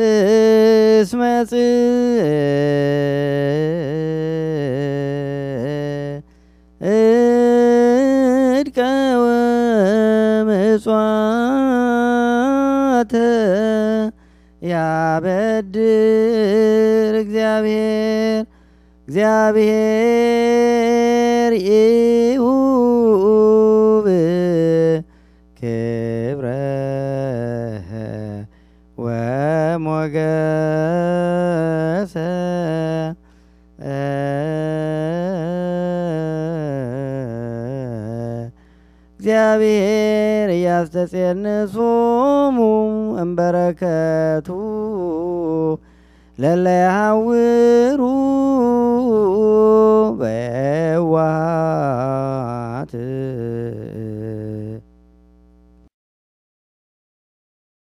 እስመ ጽድቀ ወምጽዋተ ያበድር እግዚአብሔር እግዚአብሔር ይሁብ ክብረ ሞገሰ እግዚአብሔር እያስተጼንሶሙ እምበረከቱ ለለያውሩ በዋት